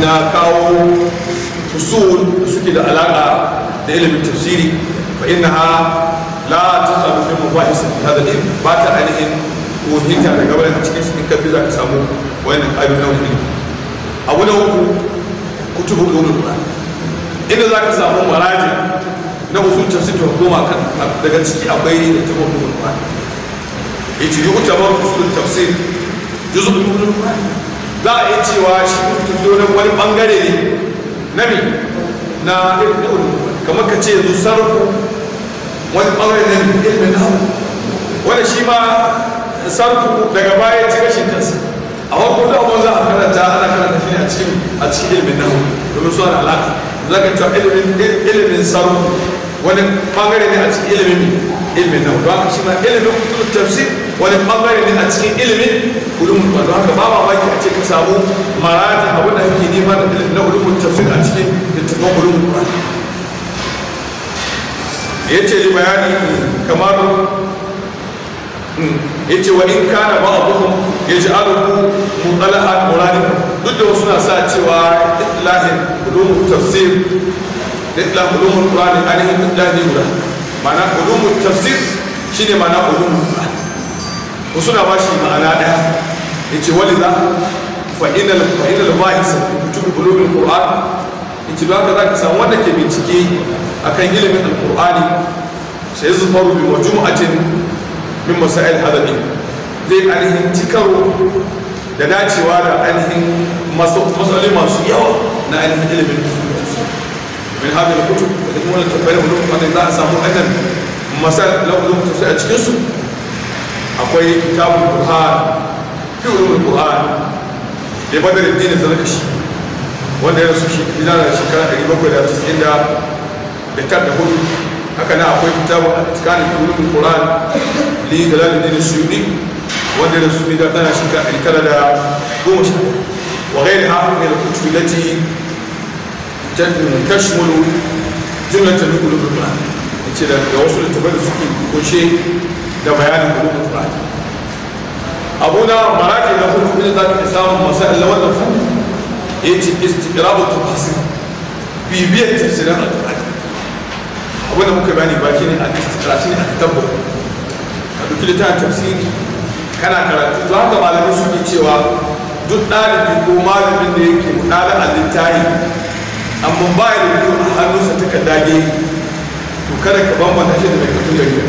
na kawo usul da suke da alaƙa da ilimin tafsiri fa innaha la tasalu fi mubahis fi hadha al ba ta ainihin kohinta da gaba da cikin su in ka za ka samu wani ayoyi na wuri abu na uku kutubul ulul qur'an inda za ka samu maraji na usul tafsir ta goma kan daga ciki akwai littafin ulul qur'an yace yu'tabar usul tafsir juz'un ulul qur'an za a yi cewa shi mutum zonin wani bangare ne na mi na ilmin kamar ka ce yanzu sarrafu wani bangare na ilmin nahu wani shi ma sarrafu daga baya ci gashin kansa a wakon da abin za a karanta ana karanta shi a cikin a cikin ilimin nahu domin suna da alaƙa za ka cewa ilimin sarrafu wani bangare ne a cikin ilimin ilmin nan don haka shi ma ilimin kutubun tafsir wani bangare ne a cikin ilimin ulumul ba don haka ba baki a ce ka samu marati abin da kake nema na ulumul tafsir a cikin littafin ulumul ba ya ce li bayani kamar ya ce wa in kana ba abuhum ya ji alubu mutalaha muradin duk da wasu na sa cewa itlahin ulumul tafsir da itlahin ulumul ne ainihin itlahin guda ma'ana ulumu tafsir shine ma'ana ulumu qur'an wasu na ba shi ma'ana daya yace wani fa inal fa ma'isa mutum kutub ulumul ya ce ba ka samu wanda ke bincike a kan ilimin alqur'ani sai yuzmaru bi majmu'atin min masail hadari zai ainihin cikaro da dacewa da ainihin masu masu yawa na ainihin ilimin min hadin kutub da kuma a samu a cikin su akwai kitabul tashmulu jumlatan ulumul qur'an yace da ga wasu littafai da suke kunshe da bayanin ulumul qur'an abuna marati na hudu ne za ka samu masalan wannan fanni yace istiqrabu tafsir bibiyar tafsirin alqur'an abin da muka bani baki ne a istiqra shine a tabbata a duk littafin tafsiri kana karatu to haka malamai suke cewa duk ɗalibin ko malamin da yake ɗalibin littafi amma ba ya rubutu a hannunsa ta kan dage to kada ka bambanta shi da mai kafin jarida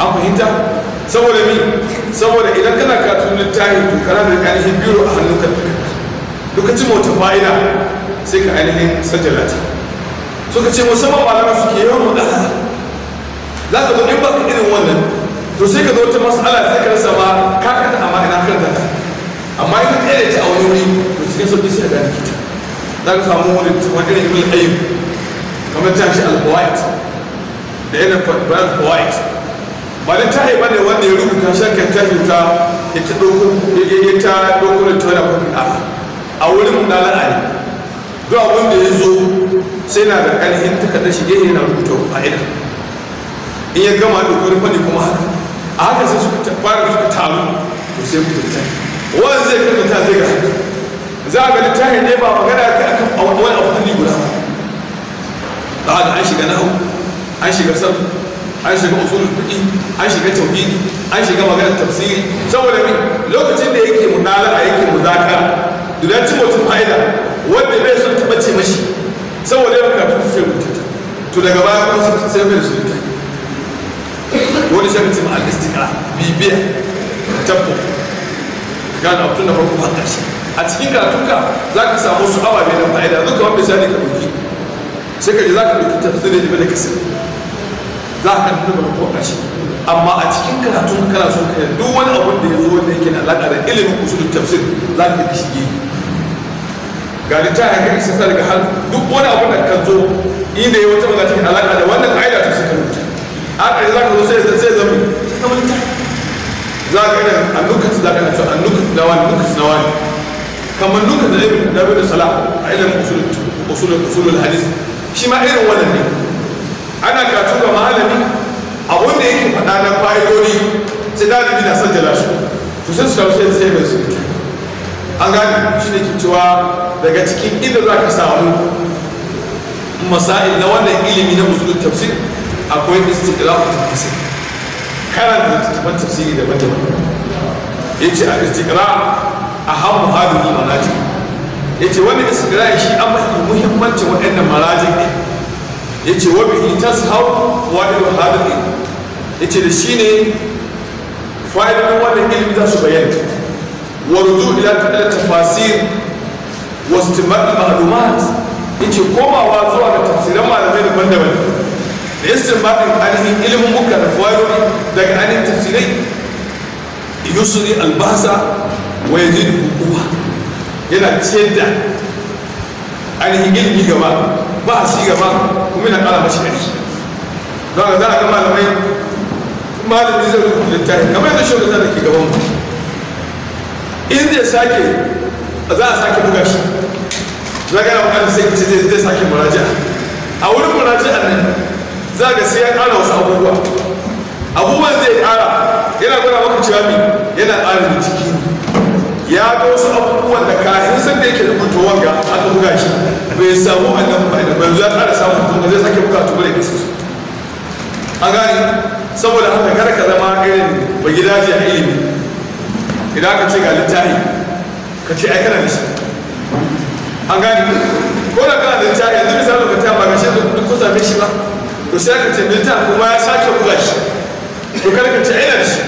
an fahimta saboda mi saboda idan kana katun littafi to kana da ainihin biro a hannun ta kan lokacin mota fa'ida sai ka ainihin sajala ta ka ce musamman malama suke yawan mu ɗaha za ka zo in ba ka irin wannan to sai ka zo ta ala sai ka rasa ba ka kata amma ina kanta amma ita ɗaya ta a wani wuri cikin sauƙi sai a kita za ka samu wani wani irin ibn qayyim kamar ta shi al da yana brand white ba da ta haifar da wanda ya rubuta shi kan tashi ta ya ta ɗauko ya ta ɗauko da tona kuɗi a a wurin da la'ari duk abin da ya zo sai na da ƙarfin takardar shi gehe yana rubuta fa'ida in ya gama da wani fadi kuma haka a haka sai suka fara suka taru to sai yi wanda zai karanta zai ga haka za a gani littafin ne ba magana ka akan awai a kudi guda Ba a ga an shiga nahu an shiga sam an shiga usulul fiqi an shiga tauhidi an shiga magana tafsiri saboda me lokacin da yake a yake muzaka ci mutum fa'ida wanda bai son taba ce mashi saboda yau kafin sai rubuta to daga baya kuma sai mai su littafi wani sai mutum al-istiqa bibiya tabbo gane abtun da farko har shi a cikin karatunka za ka samu su mai nan fa'ida zuka wani misali ka ɗauki sai ka ji za ka ta tafsirin da bai kasir za ka nuna ba ko a shi amma a cikin karatun kana son ka duk wani abun da ya zo wanda yake na alaƙa da ilimin usulul tafsir za ka ji shige ga ta haka isa sa daga hannu duk wani abun da kan zo inda ya wata magana cikin alaƙa da wannan aida ta suka rubuta haka za ka zo sai zai zama za ka a annukat za ka ga annukat da wani annukat na wani kamar nuka da ibn da ibn salah a ilimin usul usul usul hadis shi ma irin wannan ne ana karatu ga malami abun da yake faɗa na fa'idodi sai dalibi na da jala shi to sai su tafi sai ba su an gane shi ne ke cewa daga cikin inda za ka samu masa'il na wannan ilimi na usul tafsir akwai istiqlal tafsir karanta tafsiri daban-daban yace a istiqlal a hamu hadin maraji ya ce wani istigra'i shi an mafi muhimmancin waɗannan marajin ne ya ce wa bihi ta su hau waɗin hadin ne ya ce da shi ne fa'idodin wannan ilimin za su bayyana wa ta ila tafasir wa istimar ma'lumat ya ce komawa zuwa ga tafsiran malamai daban-daban da istinbatin ainihin ilimin muka da fawarori daga ainihin tafsirai yusri albasa wa yazidu kuwa yana ciyar da ainihin ilimi gaba ba shi gaba kuma yana ƙara mashi ne don haka za a ga malamai malami zai rubuta littafi kamar yadda shi da ke gaban mu in zai sake a za a sake buga shi za ga yawan ƙarfi sai ce zai sake muraja a wurin muraja nan za ga sai ya ƙara wasu abubuwa abubuwan zai ƙara yana gwada maka cewa yana ƙara jiki ya ga wasu abubuwan da kayan san da yake rubuta wanga aka buga shi bai samu nan ba da bai ya ƙara samun mutum ba zai sake buga ba da ke su a gani saboda haka kada ka zama irin ba gidaje a ilimi idan ka ce ga littafi ka ce ai kana da shi an gani ko da kana da littafi yanzu misali ka ta ba ga shi duk kusa mai shi ba to sai ka ce littafi kuma ya sake buga shi to kada ka ce ai da shi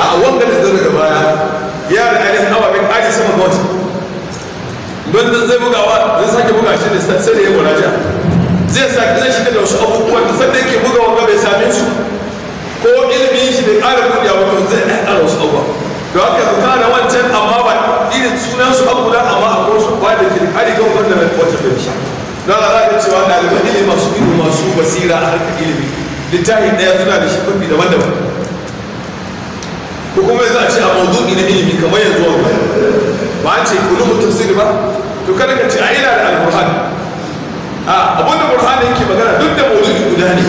a wanda da zama daga baya da ainihin hawa bin ari sama ga wata don da zai bugawa zai sake buga shi da sai da ya muraja zai sake zai shiga da wasu abubuwan da sanda yake buga wanga bai same su ko ilimin shi bai ƙara buɗe ba to zai ɗan ƙara wasu abubuwa da haka ku kara wancan amma ba irin sunan su abu da amma a su ba da ke ari ga wanda mai wata bai sha Na haka za ka cewa ɗaliban ilimi masu ilimi masu basira a harkar ilimi littafin ɗaya suna da shi fafi daban-daban ko kuma yanzu a ce a mawdu'i na ilimi kamar yanzu wani ba a ce mutum tafsiri ba to kada ka ce a na da alburhan a abinda burhan yake magana duk da mawdu'i guda ne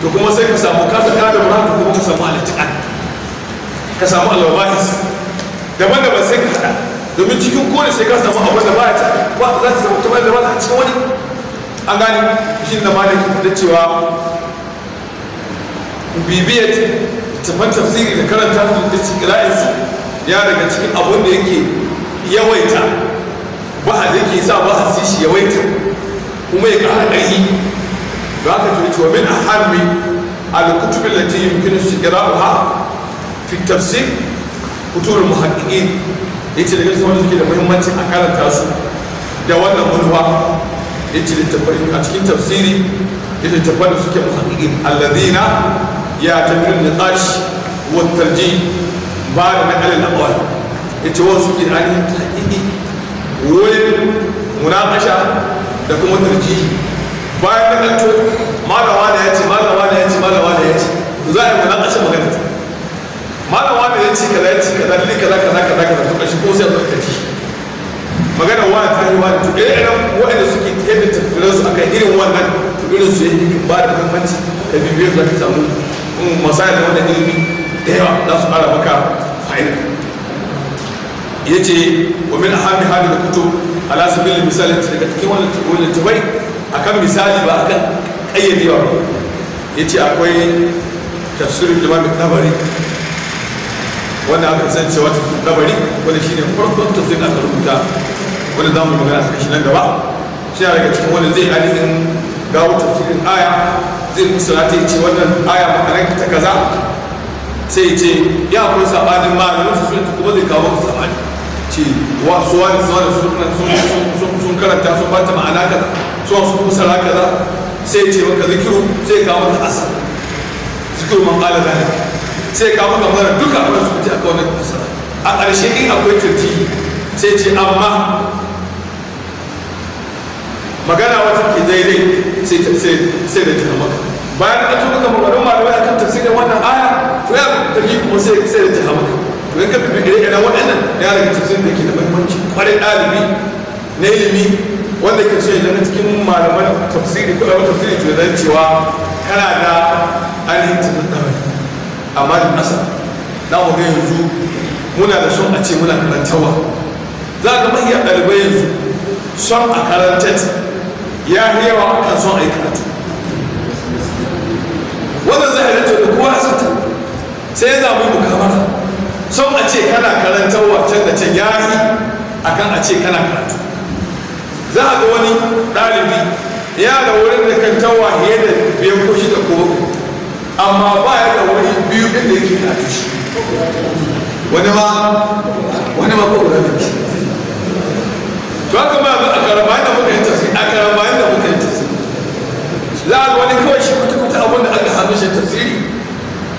to kuma sai ka samu kasa da burhan ko kuma ka samu al ka samu al daban-daban sai ka hada domin cikin kone sai ka samu abin da ba ya ba za ta samu tabar da ba ta cikin wani an gane shi da malaki da cewa bibiyar. tafan tafsiri da karanta su istiqra'insu ya daga cikin abin da yake yawaita ba a yake sa a shi yawaita kuma ya ƙara ɗari ba ka to tuwa min ahammi al-kutub su yumkinu ba fi tafsir kutubul Ya ce daga cikin wanda suke da muhimmanci a karanta su da wannan ce da littafin a cikin tafsiri Ya ce da suke muhaqqiqin alladina ya tafi niqash wa ji ba da na al-aqwal ya ce wasu ke ainihin tahqiqi wurin munakasha da kuma tarji bayan kanto malama da ce malama da ce malama da ya ce za a yi munakasha magana malama da ce kaza yace kaza dalili kaza kaza kaza kaza kashi ko sai a tarji magana wa ta yi wa to eh ran wa'anda suke yadda a akan irin wannan to irin su yake ba da kamfanci da bibiyar za ka samu masaya da wannan ilimi da yawa za su ƙara maka fa'ida ya ce wa min ahammi hadu da kuto ala sabil misali daga cikin wannan a kan misali ba a akan ƙayyadewa ba ya ce akwai tafsirin limami tabari wanda aka san cewa tafsirin tabari wanda shine farkon tafsirin aka rubuta wanda za mu magana a shi nan gaba shi daga cikin wani zai ainihin ga wata filin aya zai musula ta ce wannan aya ma'anar ta kaza sai ya ce ya akwai sabanin da su sunanta kuma zai kawo musu sabani ce wa Su wani suwa da sun karanta sun bata ma'ana kaza suwa kuma sara kaza sai ya ce maka zikiru sai ya kawo ta asa zikiru man ƙala zalika sai ya kawo magana duka abin su kuce aka wannan musala a ƙarshe in akwai tartihi sai ce amma magana wata ke daidai sai da ta maka bayan da tuka kamar wani malamai akan tafsirin wannan aya to ya tafi kuma sai sai da ta maka to in ka bibi gare gare waɗannan ya rage tafsirin da ke da muhimmanci kwarai ɗalibi na ilimi wanda ke ce da cikin malaman tafsiri ko ɗaukar tafsiri to zan cewa kana da ainihin tafsirin ɗaukar amma da nasa na mu yanzu muna da son a ce muna karantarwa za ka mahiya ɗalibai yanzu son a karantar ya fi yawa akan son a yi karatu wannan zai halitta da kowa a sata sai ya zamu yi mukamara son a ce kana karantarwa can da can ya yi akan a ce kana karatu za a ga wani ɗalibi ya da wurin da kan tawa fiye da biyan ko da ko amma ba ya da wani biyu inda yake karatu shi wani ma wani ma ko wani to haka ba a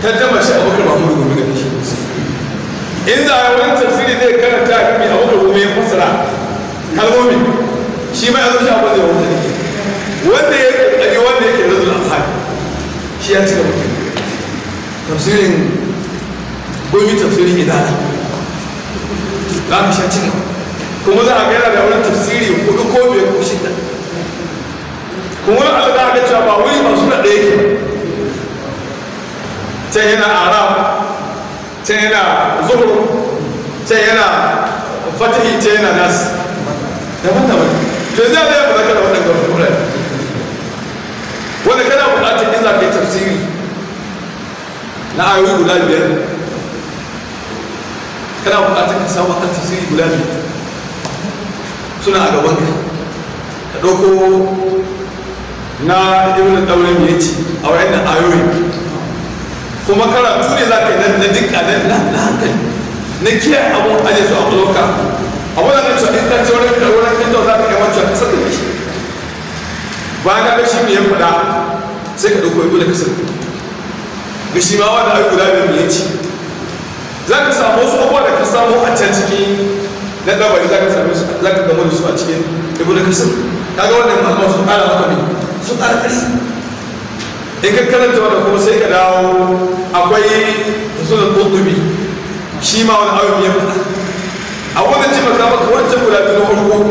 tarjama shi abubakar mahmudu gumi da shi in za a wani tafsiri zai karanta a kimi abubakar gumi ya fasara kalmomi shi mai azuci abu zai wanda ne wanda ya kakkari wanda yake nazul amfani shi ya cika mutum tafsirin gumi tafsirin idana za mu sha cika kuma za a gaira da wani tafsiri kudu ko biyar ko shida kuma wani alaƙa ga cewa ba wuri masu na ɗaya ke ba can yana arab can yana zuhur can yana fatihi can yana nas daban daban to yanzu ya ba kada da wannan gaba wanda kana buƙatar in za ka tafsiri na ayoyi guda biyar kana buƙatar ka samu akan tafsiri guda biyar suna a gaban ka ka ɗauko na ibn daurin ya ce a wayan wayannan ayoyi kuma karatu ne za ka yi na dinka na hankali na kiyaye abun aje su a kuloka abu da cewa in ka wani wurin wurin kinto za ka kai wancan kasar da shi ba ka ga shi mai yan fada sai ka ɗauko ibu da kasar ga shi ma wanda ai guda biyu ya ci za ka samu wasu abuwa da ka samu a can ciki na ɗabari za ka samu su za ka gamu da su a cikin ibu da kasar ka ga wannan ma'amma sun ƙara maka ne sun ƙara ƙari in ka karanta wanda kuma sai ka dawo akwai sunan ƙudubi shi ma wani awon ya fada a wani ci maka wancan guda biyu na farko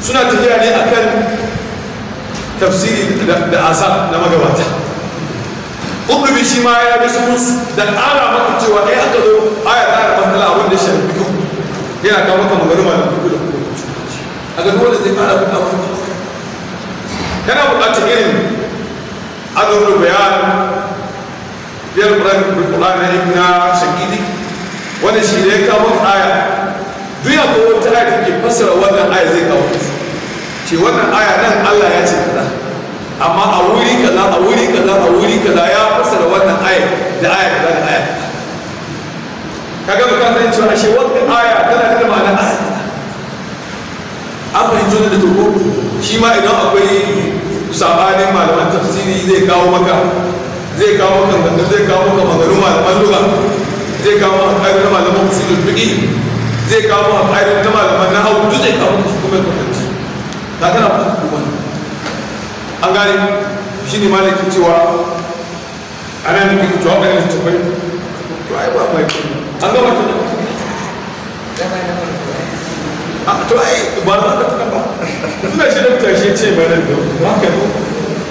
suna tafiya ne akan tafsiri da asa na magabata ƙudubi shi ma ya bi su da ƙara maka cewa ɗaya aka zo aya ta da matsala abin da shafi biyu yana kawo maka magana ma da kuɗi da kuɗi a ga dole zai ƙara maka wani kana buƙatar irin Ado no beal, bien brano que por la negra se quiti, cuando si le cabo aya, doy a todo el traje que pasa la guana aya de cabo. Si guana aya Allah ya se queda. Ama a wuri kala, a wuri kala, a wuri kala ya pasa la guana aya, de aya que dan aya. Kaga me kanta nchua, si guana aya, kala nina maana aya. Apa hizo ni de tu kuku, shima ina akwe hii, sabanin malaman tafsiri zai kawo maka zai kawo maka gangan zai kawo maka maganin malaman lura zai kawo maka ƙarin na malaman usulul fiqi zai kawo maka ƙarin na malaman na hau duk zai kawo maka shi kuma kwatanci ta gana ba ta kuma an gane shi ne malaki cewa ana nufin cewa waɗannan littattafai to ai ba mai an gama ta to ai ba za ka ta ba suna shi dokta shi ce ba da to haka ko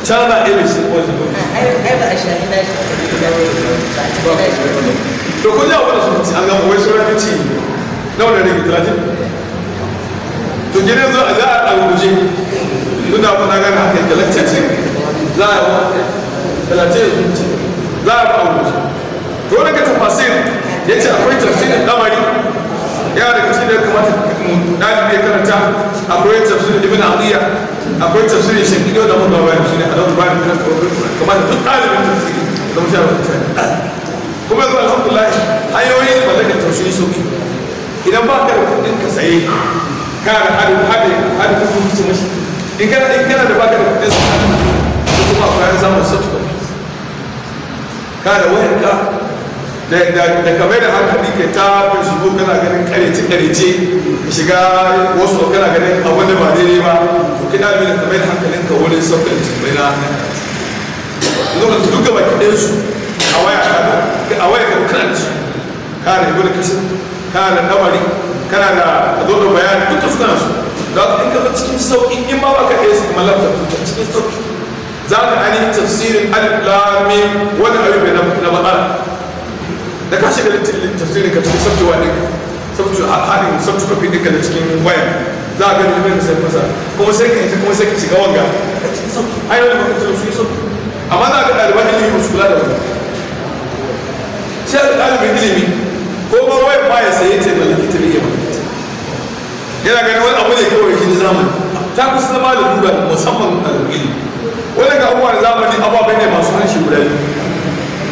ta ba irin shi ko zuwa ba a shahi da shi to kun ji abin sun ci an gama wai sun rafi ci na wani rigi talatin to gidan zuwa za a ɗaukuje tunda abin na gana haka yake lakcin za a yi talatin ce za a ɗaukuje ko wani ka tafasir ya ce akwai tafsirin lamari ya daga cikin da kamata mu dalibi ya karanta akwai tafsirin ibn aliya akwai tafsirin shi shakido da mutum bayan shi ne a dauki bayan minas kuma kamata duk dalibin tafsiri da mutuwa bayan mutane kuma yanzu alhamdulillah hanyoyin da daga tafsiri tafsiri sauki idan ba ka da kudin ka saye kana da hadin hadin hadin kudin su mashi in kana in kana da baka da kudin su hadin kuma akwai zamu sattu ka da wayar ka da kamar da hankali ke ta shigo kana ganin karece karece shiga wasu kana ganin abin da ba daidai ba to kina bi da kamar da hankalin ka wurin saukar cikin na zuwa da duka baki ɗin su a waya ka a waya ka kana ci kana da ibada kasin kana da namari kana da zoɗo bayani duka su kana su da in ka cikin sauƙi in ma ba ka ɗaya su mallar da cikin sauƙi za ka ainihin tafsirin alif lamim wani abu bai na matsala da ka shiga littafin tafsirin ka tafi sabtu wa ɗin sabtu alhalin sabtu kafin ɗinka da cikin waya za a gani mai sai masa kuma sai ka yi kuma sai ka shiga wanga yi wani ba ka su yi sabtu amma za ga ɗaliban ilimi su kula da wani sai da ɗalibin ilimi ko ba waya ba ya saye ta da likita ne ya ba yana gani wani abu ne kawai shi na zamani ta kusa zama da duba musamman ɗalibin ilimi wani ga abubuwan zamani ababai ne masu hanshi guda biyu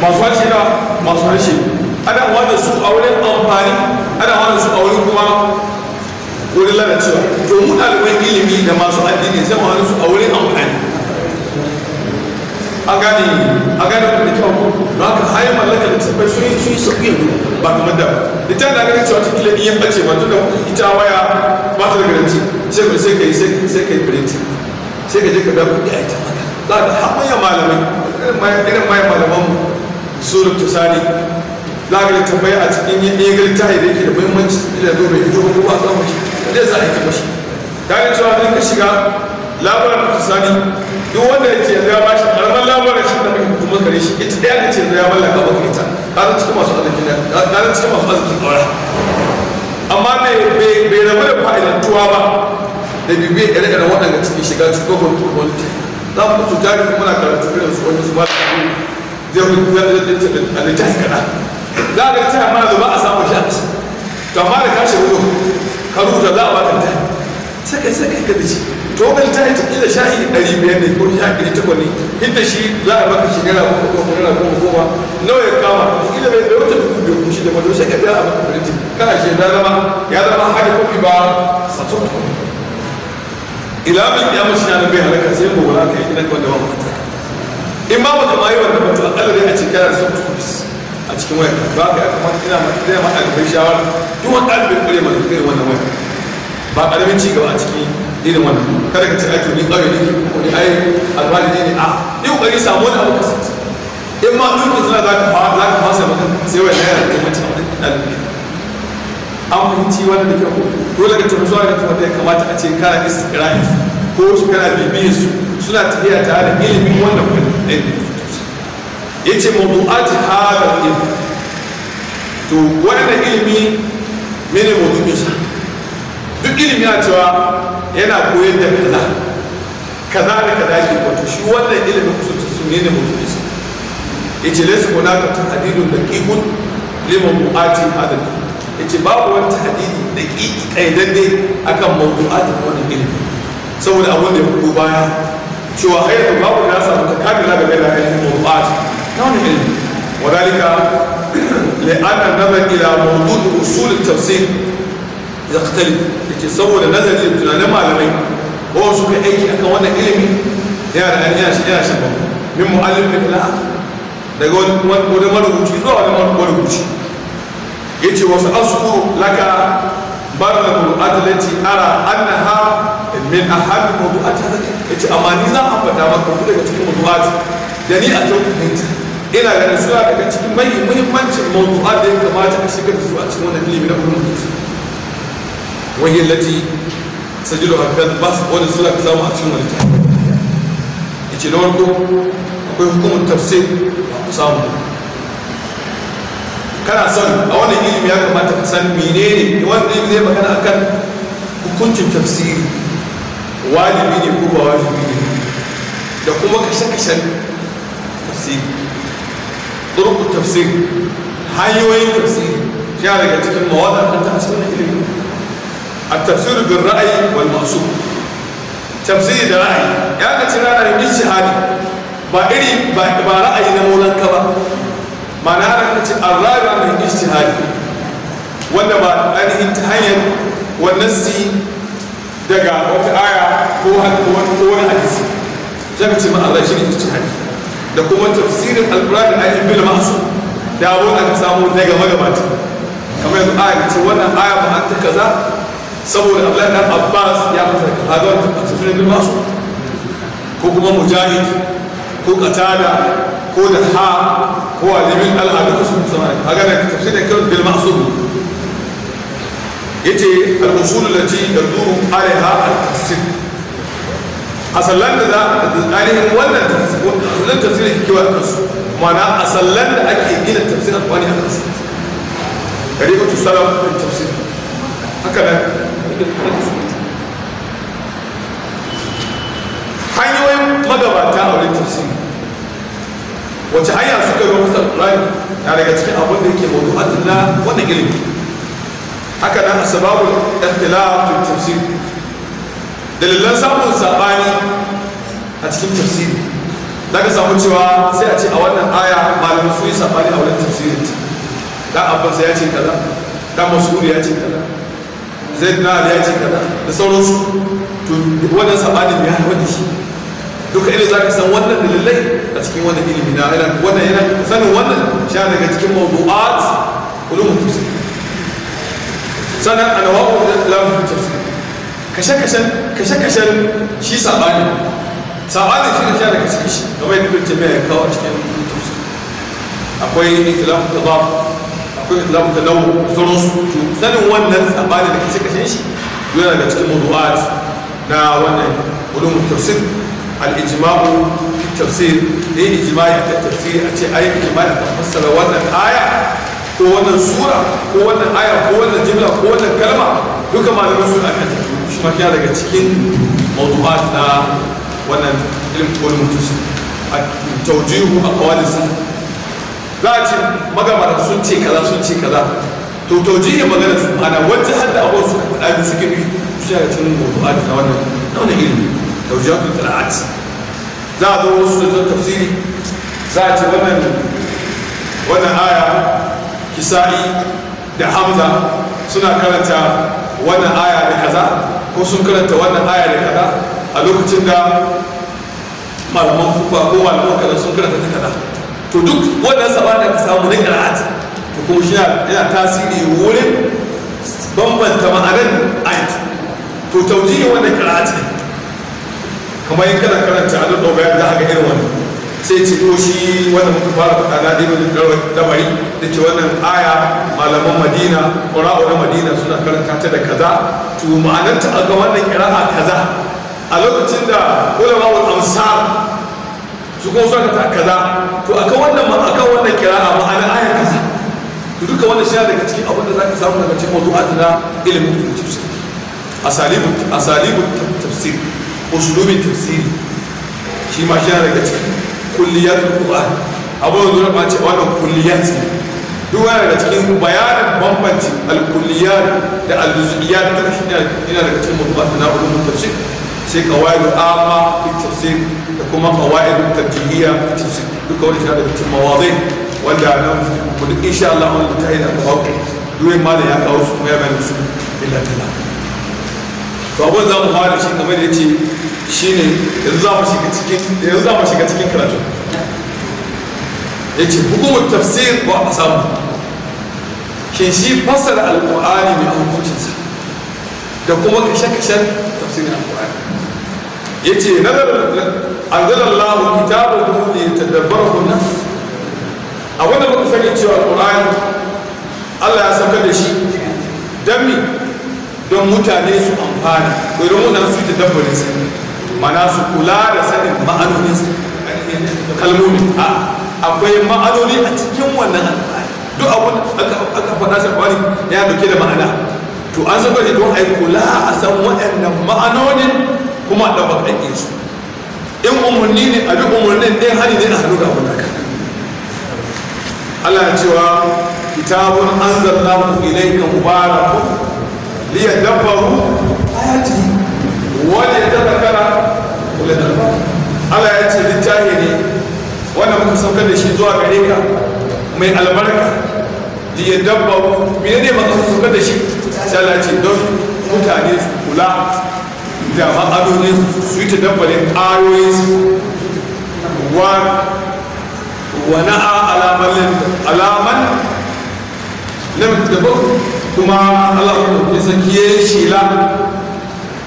masu harshe na masu harshe ana wa da su a wurin amfani ana wa da su a wurin kuma wurin lalacewa to mu ɗaliban ilimi da masu addini sai mu hawa su a wurin amfani a gane a gane wanda da kyau don haka hayan mallaka da tabbai sun yi sun yi sauƙi yanzu ba kamar da da ta da ganin cewa ta kila ni ya bace ba tunda ita waya ba ta da garanti sai ka sai ka yi sai ka yi printi sai ka je ka biya kuɗi a ita maka za ka haɓanya malamai irin mayan malaman su surat tusani za ka tambaya a cikin yin eagle tie da yake da muhimmanci da zo bai fito ko ba samu shi zai sa aiki mashi ta ga cewa in ka shiga labarin kusurani duk wanda ya ce ya bashi shi karamar labarin shi da mai hukumar gare shi ita ɗaya ka ce ya mallaka ba ka ita ka zan cikin masu arzikin da ka zan cikin masu arzikin ƙaura amma bai rabu da tuwa ba da bibiyar ire-iren waɗanda cikin shiga cikin gwamnati za ku su jari kuma na karatu irin su wani su ba da zai hukumar da littafi kaɗa za a ga ta mana ba a samu shi ta ci amma da ka shiga zo ka rubuta za a baka ta saka saka ka da shi to wani ta yi tukila shahi ɗari biyar ne ko shahi ɗari takwas ne inda shi za a baka shekara ko kuma shekara goma goma nawa ya kama tukila bai bai wata dubu biyu kushi da mato sai ka biya a baka firinti kana shi ya zama ya zama hada kofi ba satun ila min ya mace na bai halaka sai mu wala kai yi ina kwanda wa mata in ba baka ma yi wannan mutu a ƙalar a cikin kana satun cikin wayar ba ka ya kamata ina ma ina ma ɗalibai shawara duk wani ɗalibin kure ma duk irin wannan wayar ba ƙaramin ci gaba a cikin irin wannan kada ka ce ai to ni ƙauye ne ko ni ai alwali ne ne a ni ƙoƙari samu wani abu kasance in ma duk mutum za ka fara za ka fasa maka sai wai naira da mace a wani ɗalibi an fahimci wani da kyau dole ka tafi zuwa ga tafi da ya kamata a ce kana istiqra'i ko shi kana bibiyar su suna tafiya tare da ilimin wannan ɗin ya ce mabu'at hada ilmi to wannan ilmi mene mabu'insa duk ilmi a cewa yana koyar da kaza kaza da kaza ke kwato shi wannan ilimi kusurta su ne ne mabu'insa ya ce laisa kuna ka tahadidun da ƙigun liman bu'atin hada ya ce babu wani tahadidi da ƙiƙi ƙaidadde akan mabu'atin wannan ilmi saboda abin da ya fito baya cewa hayar babu na samu ta kamila da gaira ilmin mabu'atin كامل وذلك لأن النظر إلى موضوع أصول saboda يختلف يتصور النظر إلى تنانما علمي هو سوف أيكي أكوانا إلمي يعني أن ياشي ياشي من معلم من الآخر daga wani marubuci zuwa wani marubuci ya ce wasu asku laka barin da muru'at lati ara annaha min ahadin muru'at ya ce amma ni za a ambata maka daga cikin muru'at da ni a tauhidinta ina ganin suna daga cikin mai muhimmancin mawdu'ar da ya kamata a shigar da su a cikin wannan ilimi na ulumul tafsir wahiyar lati sajilu hakan ba su wani suna ka samu a cikin wani tafi ya ce na warko akwai hukumar tafsir a ku samu kana son a wannan ilimi ya kamata ka san ne wanda ilimi zai magana akan hukuncin tafsiri wajibi ne ko ba wajibi ne da kuma kashe-kashen tafsiri turku tafsir hayoyin tafsir ya daga cikin mawadar da tasirin ilimi a tafsir bin ra'ayi wal masu tafsiri da ra'ayi ya ka da ranar ishihadi ba iri ba ra'ayi na molanka ba ma na da ci an rayu an ishihadi wanda ba ainihin ta hanyar wannan si daga wata aya ko wani hadisi zaka ci ma Allah shi ne ishihadi da kuma tafsirin alkurani a yin bil masu da a aka samu gama magabata kamar yanzu aya ce wannan aya ba an ta kaza saboda Allah dan Abbas ya fata kaza ga wannan tafsirin bil masu ko kuma mujahid ko qatada ko da ha ko alimin al'adu ko sun zama kaga da tafsirin kan bil masu yace al-usul da duhun alaiha al-tafsir a sallan da ainihin wannan tafsirin tafsirin ke kewa a kansu mana a sallan da ake gina tafsirin kwani a kansu gare mutu salam din tafsir haka nan hanyoyin magabata a wurin tafsir wace hanya suka yi wata ƙurani na daga cikin abin da yake mawudu adilla wannan ilimi haka nan asbabul ikhtilaf fi tafsirin. dalilan samun saɓani a cikin tafsiri za ka samu cewa sai a ce a wannan aya malamin su yi saɓani a wurin tafsirin ta dan abbas ya ce kaza dan masuri ya ce kaza zai na ya ce kaza da sauransu to wannan sabani ya haifar da shi duka irin za ka san wannan dalilai a cikin wannan ilimi na yana wannan yana sanin wannan shi daga cikin mawdu'at ulumul tafsir sanan anwa'u al-kalam kashe-kashen shi sabani sabani shi ne da kashe shi kamar yadda bin jami'a ya kawo cikin tusu akwai islamu ta ba akwai islamu ta lau sauran su sanin wannan sabani da kashe kashen shi yana daga cikin mudu'at na wannan wurin tafsir al'ijimabu ijmau tafsir ne ijimai da tafsir a ce ayi ijimai da fassara wannan aya ko wannan sura ko wannan aya ko wannan jimla ko wannan kalma duka malamin suna kan shi ma daga cikin mawdu'at na wannan ilmin kolin mutusi a taujihu a kawalisun za a ce magamara sun ce kaza sun ce kaza to taujihin magana su ana wajen hada abuwa suka faɗa da suke bi su yaga cikin mawdu'at na wannan na wannan ilmi taujihatul qira'at za a zo wasu da tafsiri za a ce wannan wannan aya kisa'i da hamza suna karanta wannan aya da kaza ko sun karanta wannan aya da kada a lokacin da malaman fuka ko malaman kada sun karanta ta kada to duk wannan sabar da ka samu na qira'at to kuma shi yana tasiri wurin bambanta ma'anar ayat to taujihin wannan qira'at ne kamar yin kana karanta a lokacin da aka irin wannan sai ce ko shi wannan mutum fara faɗa na dai wajen damari da ke wannan aya malaman madina ƙura'u na madina suna karanta ta da kaza to ma'anar ta ga wannan ƙira'a kaza a lokacin da ulama'ul amsar su ko suka ta kaza to akan wannan ma akan wannan ƙira'a ma'anar aya kaza to duka wannan shi daga cikin abin da zaka samu daga cikin mawdu'at na ilimin tafsir asalibu asalibu tafsir usulubin tafsiri shi ma shi daga cikin kulliyatul qur'an abun zuwa ba ce wannan kulliyat ne duk wani daga cikin bayanin bambanci al-kulliyat da al-juz'iyat duk shi ne yana daga cikin mutubatu na ulumul tafsir sai qawaid amma fi tafsir da kuma qawaid tarjihiyya fi tafsir duka wani tana daga cikin mawadai wanda na ku duk insha Allah wannan ta yi da kawo duwe malam ya kawo su kuma ya bayyana su illa tala to abun za mu fara shi kamar yace shine yanzu za mu shiga cikin yanzu za mu shiga cikin karatu yace hukumar tafsir wa asamu ke shi fassara alqur'ani mai hukuncinsa da kuma kashe-kashen tafsirin alqur'ani yace anzala Allah kitabahu li tadabbarahu nas a wanda muka sani cewa alqur'ani Allah ya saukar da shi dan mi don mutane su amfana ko don mutane su ta tadabbarin sa mana su kula da sanin ma'anonin kalmomi a akwai ma'anoni a cikin wannan alƙur'ani duk abun aka faɗa shi alƙur'ani ya dauke da ma'ana to an saba shi don a yi kula a san waɗannan ma'anonin kuma da baƙaƙe su in umarni ne a bi ne ɗaya hali ne a hannu da ka haka Allah cewa kitabun anzalnahu ilayka mubarakun liyadabbaru ayatihi wa liyatadhakkara magana Allah ya ce littafi ne wanda muka saukar da shi zuwa gare ka mai albarka li yadabbaru me ne muka saukar da shi sai Allah ce don mutane su kula da ma'anonin su yi tadabbarin ayoyin su wa wa na'a alaman lam kuma Allah ya shi la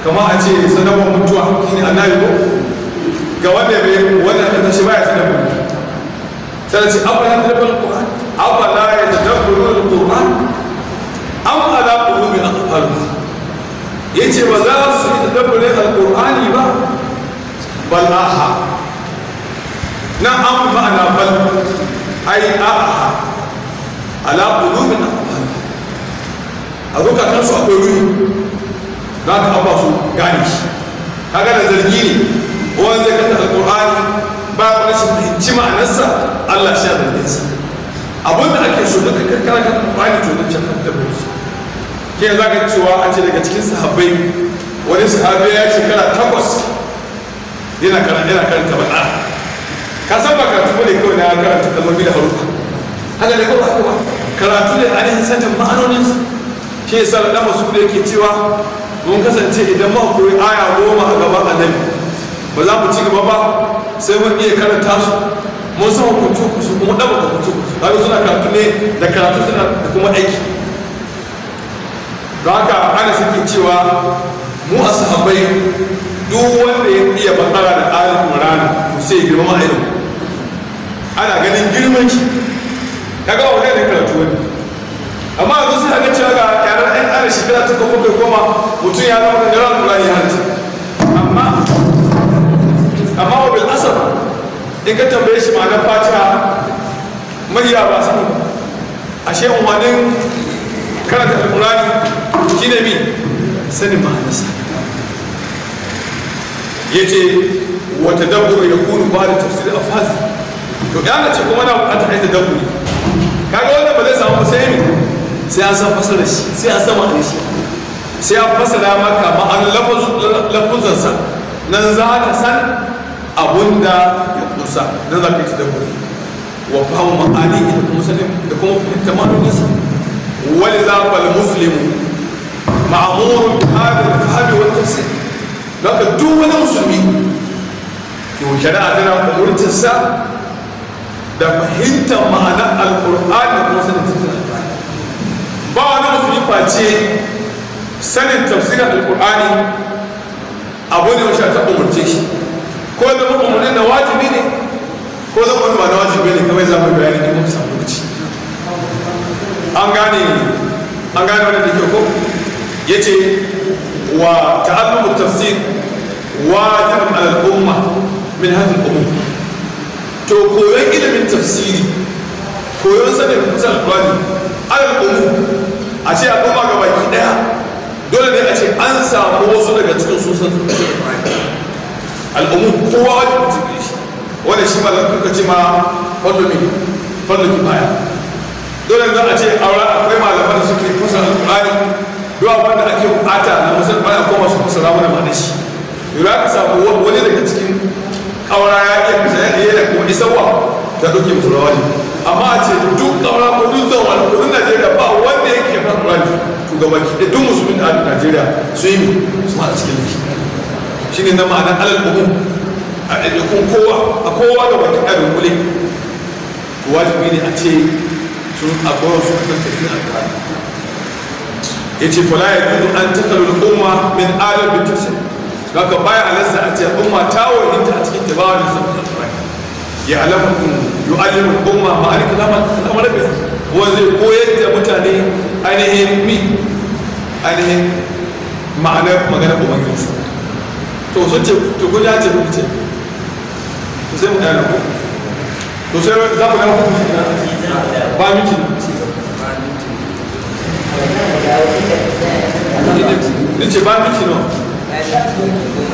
kama a ce sanarwar mutuwa shine annabi ko ga wanda bai wanda ta shi baya tana ba sai ce abba la tadabbar alquran abba la yatadabbaru alquran am ala qulubi aqfal yace ba za su yi tadabbure alqurani ba wallaha na am ana bal ai a'a ala qulubi aqfal a zukatansu akwai ruhi za ka abba su gani shi kaga da zargi ne wanda zai kanta alkur'ani ba ya rashin fahimci ma'anarsa allah shi da sa. abin da ake so duka karkara kan alkur'ani to don cakar da bai su ke za ka cewa a ce daga cikin sahabbai wani sahabi ya shekara takwas yana karanta yana karanta ba'a ka san ba karatu bane kawai na karanta kalmomi da haruka haka ne kawai haka karatu ne ainihin sanin ma'anoninsa shi yasa da masu da yake cewa mun kasance idan muka koyi aya goma a gaban annabi ba za mu ci gaba ba sai mun iya karanta su mun san hukunci su kuma ɗan ba hukunci kaga suna karatu ne da karatu suna da kuma aiki don haka ana suke cewa mu a sahabbai duk wanda ya iya bakara da ayin kurana to sai ya girma ma'aikin ana ganin girman shi ga wani ne karatu wani amma yanzu sai ga cewa ga yaran ɗan ana shekara ta kuma kai koma mutum ya zama da yaran kurani ya hanci amma wa bil asar in ka tambaye shi ma'anar fatiha mahiya ba su ashe umarnin karanta alkurani shi ne mi sanin ma'anarsa ya ce wata dabbo ya kunu ba da tafsir a fazi to ya na ce kuma na bukatar aita ne kaga wanda ba zai samu sai ne sai an san fasara shi sai an san ma'anar shi sai an fasara maka ma'anar lafuzansa nan za ka san abunda ya kusa na za ka yi tadabburi wa fahimu ma'ani da kuma sanin da kuma fahimta ma'anoninsa wani zaɓar muslimu ma'amurin fahimta da fahimta wani tafsir don ka duk wani musulmi yau shari'a tana umurtinsa da fahimta ma'anar alƙur'ani da kuma sanin tattalin ba wani musulmi face sanin tafsirin alƙur'ani abu ne wacce ta umurce shi ko da mu mun na wajibi ne ko da mu ba na wajibi ne kawai za mu bayani ne mun samu lokaci an gane an gane wannan da ke ko yace wa ta'allumu tafsir wajibun ala al-umma min hadhihi al-umur to koyon ilimin tafsiri koyon sanin kusan alqur'ani ala al-umur a ce al'umma ga baki daya dole ne a ce an samu wasu daga cikin sosan al'umu kowa wani mutum ne shi wanda shi malam kuka ce ma fallu ne fallu kifaya dole za a ce aura akwai malaman da suke kusa alƙur'ani duwa wanda ake bukata na musamman ko masu kusa ramu da shi yura ka samu wani daga cikin ƙaura ya iya kusa ya iya da kuma wa ta doke musu rawa wani amma a ce duk ƙaura ko duk zawa da kudin najeriya ba wanda yake kan ƙur'ani shugabanki da duk musulmin da najeriya su yi mu su ma a cikin laifi shine na ma'anar alal umum a ɗaiɗaikun kowa a kowa da wata ƙarin kule wajibi ne a ce sun abuwa su kan tafi alƙur'ani ya ce fula ya kudu an takalul umma min alal ga ka baya halarsa a ce umma ta ta a cikin tabawar da sun alƙur'ani ya alamun yu'allimu umma ma'arika lamar bai wanda zai koyar da mutane ainihin mi ainihin ma'anar maganar ubangiji to sun ce to ko ya ce ku ce to sai mu dana ku to sai za ku dana hukunci na ba miki ni ce ba no